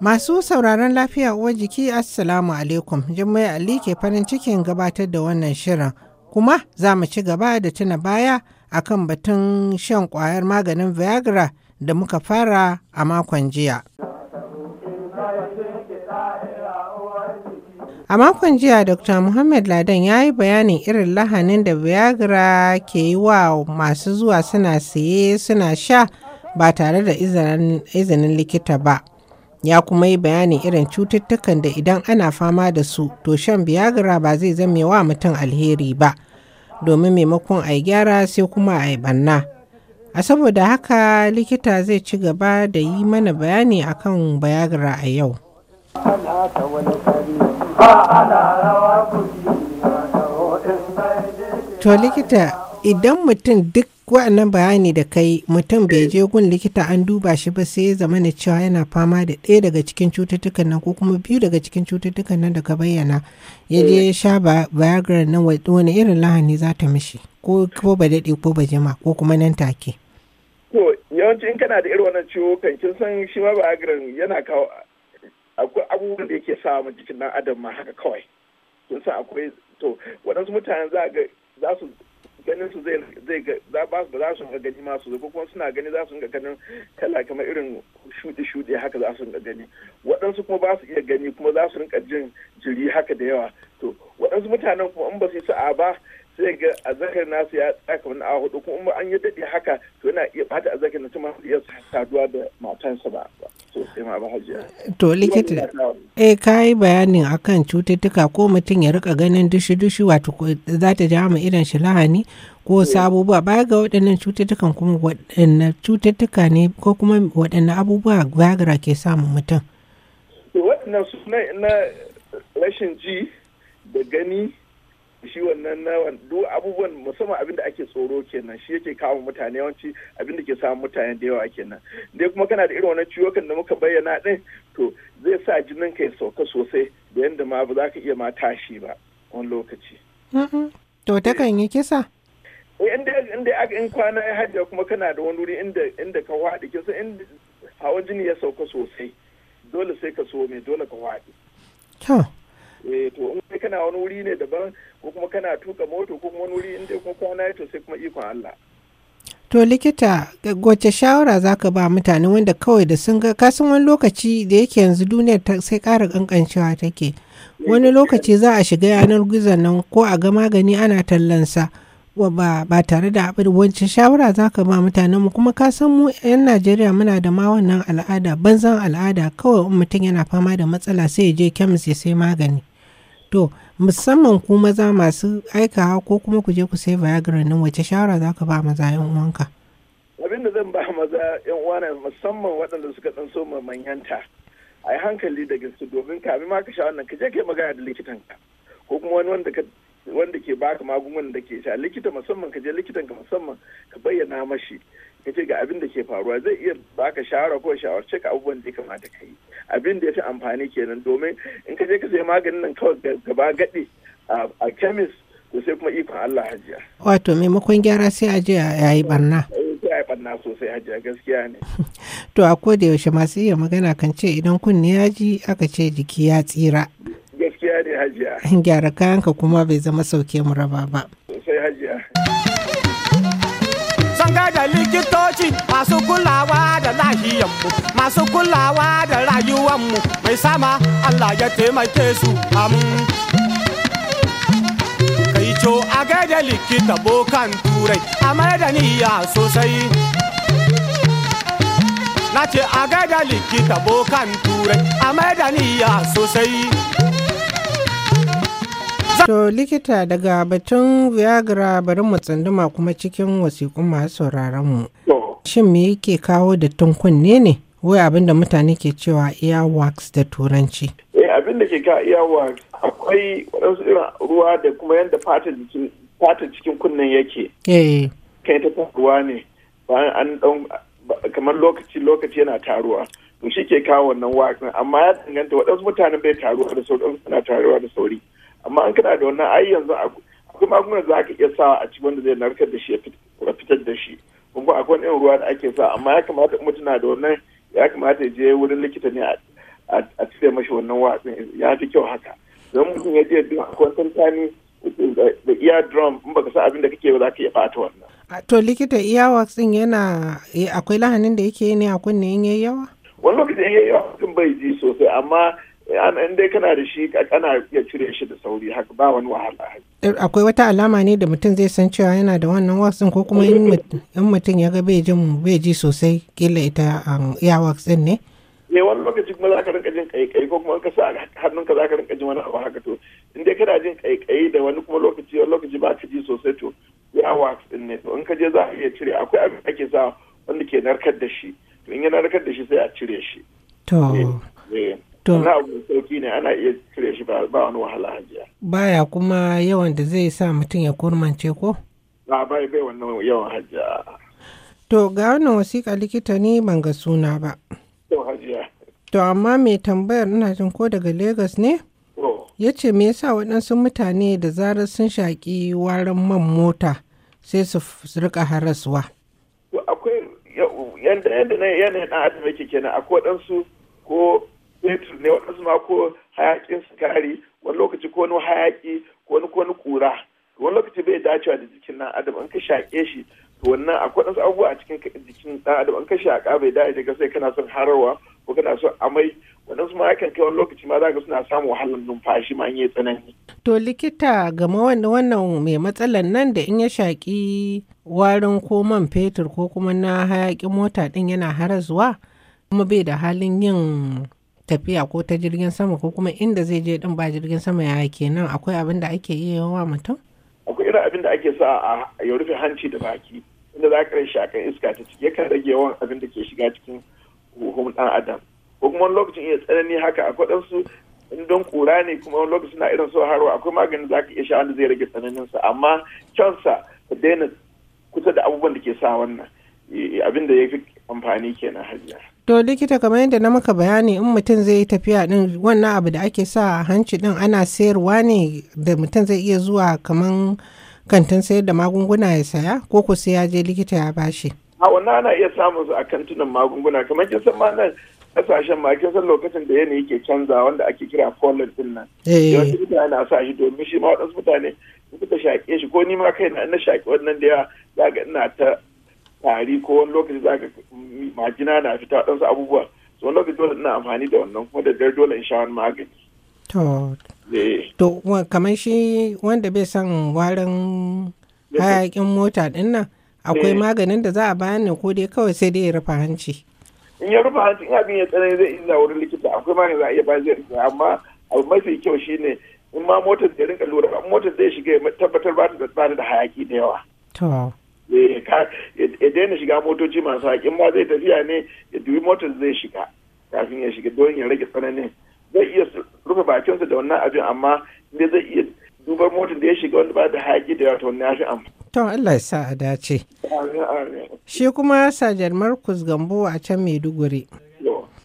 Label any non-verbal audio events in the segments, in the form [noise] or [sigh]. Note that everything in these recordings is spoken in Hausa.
Masu sauraron lafiya uwar jiki Assalamu alaikum Jummai Ali ke farin cikin gabatar da wannan shirin kuma za mu ci gaba da tuna baya a kan batun shan kwayar maganin Viagra da muka fara a makon jiya. A makon jiya Dr. Muhammad Ladan ya yi bayanin irin lahanin da Viagra ke yi wa masu zuwa suna siye suna sha ba tare da izinin likita ba. ya kuma yi bayanin irin cututtukan da idan ana fama da su to shan biyagara ba zai zame wa mutum alheri ba domin maimakon a gyara sai kuma a yi banna a saboda haka likita zai ci gaba da yi mana bayani akan biyagara a yau to likita idan mutum duk wa'annan bayani da kai mutum bai je gun likita an duba shi ba sai ya zama na cewa yana fama da ɗaya daga cikin cututtukan nan ko kuma biyu daga cikin cututtukan nan da ka bayyana ya je ya sha viagra nan wani irin lahani za ta mishi ko ko ba daɗe ko ba jima ko kuma nan take. to yawanci in kana da irin wannan ciwo kan kin san shi ma viagra yana kawo akwai abubuwan da yake sa mu jikin ɗan adam ma haka kawai kin san akwai to waɗansu mutane za ga za su ganin su zai zai ba su za su ga gani masu zo kuma suna gani za su ga ganin kala kamar irin shudi shudi haka za su ga gani waɗansu kuma ba su iya gani kuma za su rinka jin jiri haka da yawa to waɗansu mutanen kuma in ba su yi sa'a ba sai ga azakar nasu ya tsaka wani awa hudu kuma an yi daɗe haka to yana iya bata azakar nasu cimma iya saduwa da matansa ba sosai ma ba hajiya. To likita eh ka yi bayanin akan cututtuka ko mutum ya rika ganin dushi-dushi wato za ta ja mu irin shi lahani ko eh. sabubuwa baya ga waɗannan cututtukan kuma waɗannan cututtuka ne ko kuma waɗannan abubuwa viagra ke samun mutum. Waɗannan su na rashin ji da gani shi wannan na duk abubuwan musamman abin da ake tsoro kenan shi yake kawo mutane yawanci abin da ke samun mutane da yawa kenan dai kuma kana da irin wannan ciwokan da muka bayyana din to zai sa jinin ka ya sauka sosai da yanda ma ba za ka iya ma tashi ba wani lokaci. To ta kan yi kisa? Inda eh, inda aka in kwana ya hajja kuma kana da wani wuri inda inda ka waɗi kisa inda hawan jini ya sauka sosai dole sai ka so mai dole ka waɗi. Eh to sai kana wani wuri ne daban ko kuma kana tuka moto ko kuma wani wuri inda kuma kwana to sai kuma ikon Allah To likita wace shawara za ka ba mutane wanda kawai da sun ga kasan wani lokaci da yake yanzu duniyar sai kara kankancewa take. Wani lokaci za a shiga yanar gizon nan ko a ga magani ana tallansa ba, ba tare da abin wace shawara za ka ba mutane mu kuma kasan mu 'yan Najeriya muna da ma wannan al'ada banzan al'ada kawai mutum yana fama da matsala sai ya je kemis ya sai magani. to musamman ku maza masu aikawa ko kuma ku je ku sai viagra nan wace shawara za ka ba maza yan uwanka abin da zan ba maza yan uwana musamman waɗanda suka ɗan so manyanta a yi hankali da gaske domin kafin ma ka sha wannan ka je ka yi magana da likitanka ko kuma wani wanda ka wanda ke baka magungunan da ke sha likita musamman ka je likitan ka musamman ka bayyana mashi ka ce ga abin da ke faruwa zai iya baka shawara ko shawarce ka abubuwan da ya kamata ka yi abin da ya fi amfani kenan domin in ka je ka sai maganin nan kawai gaba gaɗe a kemis to sai kuma ikon Allah hajiya. Wato maimakon gyara sai a je a yayi barna. Eh, sai a yi barna sosai hajiya gaskiya ne. [laughs] To a koda yaushe masu iya magana kan ce idan kunne ya ji aka ce jiki ya tsira. Gaskiya ne hajiya. [laughs] Gyara kayanka kuma bai zama sauke mu raba ba. ga da likitoci masu kulawa da lahiyanmu masu kulawa da rayuwanmu mai sama Allah ya taimake su amin. Kai co a ga da likita bokan turai a mai da niyya sosai. Na a ga da likita bokan turai a mai da niyya sosai. To likita daga batun Viagra bari mu tsanduma kuma cikin wasiƙun masu sauraron mu. Shin me yake kawo da tunkunne ne? Wai abin da mutane ke cewa earwax da turanci. Eh abin da ke ka earwax akwai waɗansu irin ruwa da kuma yadda fata cikin kunnen yake. Eh. Kai ta ruwa ne bayan an ɗan kamar lokaci lokaci yana taruwa. To shi ke kawo wannan wax amma ya danganta waɗansu mutanen bai taruwa da sauri taruwa da sauri. amma an kana da wannan ai yanzu akwai magungunan za ka iya sawa a cikin wanda zai narkar da shi ya fitar da shi kuma akwai irin ruwa da ake sa amma ya kamata mutum na da wannan ya kamata ya je wurin likita ne a cire mashi wannan watsin ya fi kyau haka don mutum ya je duk akwai tantani da iya drum in baka sa abin da kake ba za ka iya bata wannan. to likita iya watsin yana e, akwai lahanin da yake yi ne a kunne in yayi yawa. wani lokacin in yayi yawa mutum bai ji sosai amma in dai kana da shi kana iya cire shi da sauri haka ba wani wahala eh, akwai wata alama ne da mutum zai san cewa yana da wannan waksin ko kuma eh, eh. in mutum ya ga bai jin bai ji sosai kila ita ya um, waksin ne ne wani lokaci kuma za ka rinka jin kaikai ko kuma ka sa hannunka za ka rinka jin wani abu haka to in dai kana jin kaikai da wani kuma lokaci wani lokaci ba ka ji sosai to ya waksin ne to in ka je za a iya cire akwai abin ake sa wanda ke narkar da shi to in ya narkar da shi sai a cire shi to Wani abu sauki ne ana iya cire shi ba wani wahala hajiya. Baya kuma yawan da zai sa mutum ya kurmance ko? Ba bai bai wannan yawan hajiya. To ga wannan wasiƙa likita ne ban ga suna ba. To hajiya. To amma mai tambayar ina jin ko daga Legas ne? Oh. Ya ce me yasa waɗansu mutane da zarar sun shaƙi warin man mota sai su rika haraswa. Akwai yadda yanayin ɗan adam yake kenan akwai waɗansu ko fetur ne waɗansu ma ko hayaƙin sigari wani lokaci ko wani hayaƙi ko wani ko wani ƙura wani lokaci bai dacewa da jikin ɗan adam an ka shaƙe shi to wannan akwai wasu abubuwa a cikin jikin ɗan adam an ka shaƙa bai dace daga sai kana son harawa ko kana son amai waɗansu ma yakan kai wani lokaci ma za ka suna samun wahalar numfashi ma yi tsanani. To likita game wanda wannan mai matsalar nan da in ya shaƙi warin ko man fetur ko kuma na hayaƙin mota ɗin yana harazuwa kuma bai da halin yin tafiya ko ta jirgin sama ko kuma inda zai je din ba jirgin sama ya kenan akwai abin da ake iya wa mutum akwai irin abin da ake sa a ya rufe hanci da baki inda za ka shi akan iska ta ciki yakan rage yawan abin da ke shiga cikin huhun dan adam ko kuma lokacin iya tsanani haka akwai su in don kura ne kuma wani lokacin na irin su a akwai maganin za ka iya sha wanda zai rage sa amma kyansa ka daina kusa da abubuwan da ke sa wannan abin da ya fi amfani kenan hajiya To likita kamar yadda na maka bayani in mutum zai yi tafiya din wannan abu da ake sa a hanci din ana sayarwa ne da mutum zai iya zuwa kamar kantin sayar da magunguna ya saya ko ku sai ya je likita ya bashi. A wannan ana iya samun su a kantunan magunguna kamar kin san ma nan kasashen ma kin san lokacin da yanayi ke canza wanda ake kira pollen din nan. Eh. Yawancin mutane yana sa shi domin shi ma waɗansu mutane suka shaƙe shi ko ni ma kai na shaƙe wannan da ya ga ina ta tari ko wani lokaci za ka majina na fita ɗansu abubuwa so wani lokaci dole ina amfani da wannan kuma da dare dole in sha wani magani. to eh. to kamar shi wanda bai san warin hayakin mota ɗin nan akwai eh. maganin da za a bayan ne ko dai kawai sai dai ya rufe hanci. in ya rufe hanci in abin ya tsanani zai illa wurin likita akwai maganin za a iya bayan zai rufe amma abu mafi kyau shine in ma motar ya rinka lura ba motar zai shiga ya tabbatar ba ta da hayaki da yawa. Eh, ya daina shiga motoci masu haƙin ba zai tafiya ne ya dubi motar zai shiga kafin ya shiga don ya rage tsananin zai iya rufe bakinsa da wannan abin amma inda zai iya dubar motar da ya shiga wanda ba da haƙi da yawa ta wannan ya amma. to Allah ya sa a dace. Shi kuma Sajar Markus Gambo a can Maiduguri.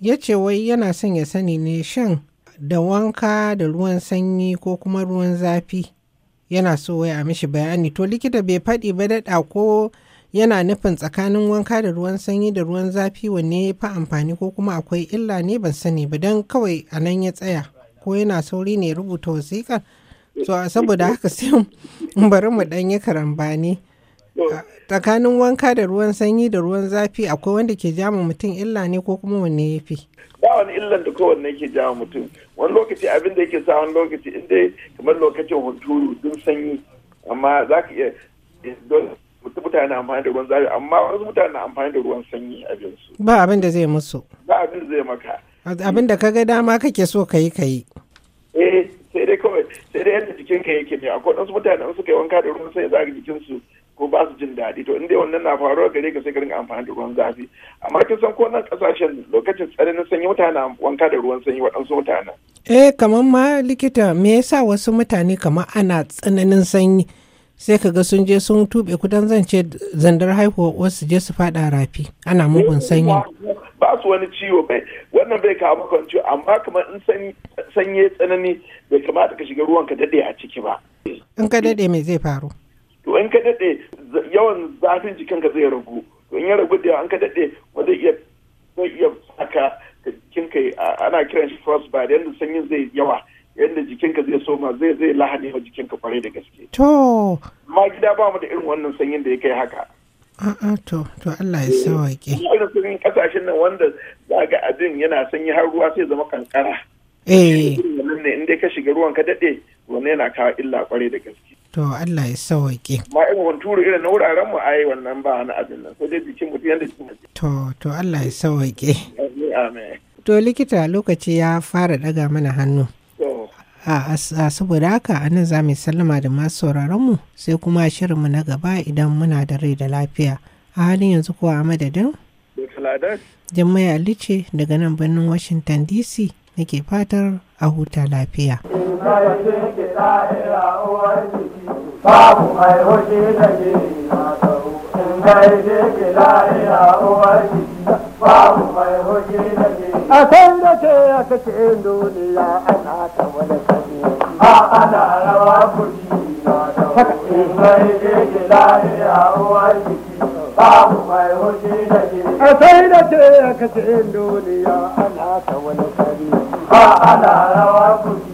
Ya ce wai yana son ya sani ne shan da wanka da ruwan sanyi ko kuma ruwan zafi yana so ya mishi bayani to likita bai faɗi ba daɗa ko yana nufin tsakanin wanka da ruwan sanyi da ruwan zafi wanne ya fi amfani ko kuma akwai illa ne ban sani ba don kawai a nan ya tsaya ko yana sauri ne rubuta wasiƙar a saboda haka sai [laughs] bari mu ɗan yi karambani tsakanin wanka da ruwan sanyi da ruwan zafi akwai wanda ke jama mutum illa ne ko kuma wanne ya fi wani illan da kowanne ke jama mutum wani lokaci abin da yake sa wani lokaci inda kamar lokacin hunturu sun sanyi amma za ka iya mutane na amfani da ruwan zafi amma wasu mutane na amfani da ruwan sanyi abin su ba abin da zai musu ba abin da zai maka abin da ka ga dama kake so ka yi ka yi eh sai dai kawai sai dai yadda jikin ka yake ne akwai wasu mutane in suka yi wanka da ruwan sanyi za ka jikin su ko ba su jin daɗi to inda wannan na faruwa gare ka sai ka rinka amfani da ruwan zafi amma kin san ko nan kasashen lokacin tsananin sanyi mutane wanka da ruwan sanyi waɗansu mutanen eh kamar ma likita me yasa wasu mutane kamar ana tsananin sanyi sai ka ga sun je sun tube kudan zance zandar haihuwa wasu je su fada rafi ana mugun eh, sanyi ba su wani ciwo bai wannan bai kawo maka ciwo amma kamar in sanye tsanani bai kamata ka shiga ruwan ka dade a ciki ba in ka dade me zai faru to in ka dade yawan zafin jikinka zai ragu to in ya ragu da yawa ka dade ba zai iya zai iya saka kai ana kiran shi crossbar yadda sanyin zai yawa yadda jikinka zai soma zai zai lahani wa jikinka kware da gaske. To. Ma gida ba mu da irin wannan sanyin da ya kai haka. A'a to to Allah ya Ina Irin sanyin ƙasashen nan wanda za ga abin yana sanyi har ruwa sai zama kankara. Eh. Wannan ne in dai ka shiga ruwan ka daɗe wannan yana kawo illa kware da gaske. To Allah ya sawaƙe. Ma irin wani turu irin na wuraren mu ai wannan ba na abin nan sai dai jikin mutum yadda jikin. To to Allah ya sawaƙe. Amin. To likita lokaci ya fara daga mana hannu. A saboda haka a nan za mu sallama da masu sauraronmu sai kuma mu na gaba idan muna da rai da lafiya. A halin yanzu kuwa a madadin? Jummai Ali daga nan birnin Washington DC nake fatar a huta lafiya. Babu mai hoji da ke mata in gaishe ke lahiya babu mai hoji da ke a kan da ke a kake duniya ana ta wani kare a ana rawa kuri na da wuri mai gege lahiya uwar jiki babu mai hoji da ke a kai da ke a kake duniya ana ta wani kare a ana rawa kuri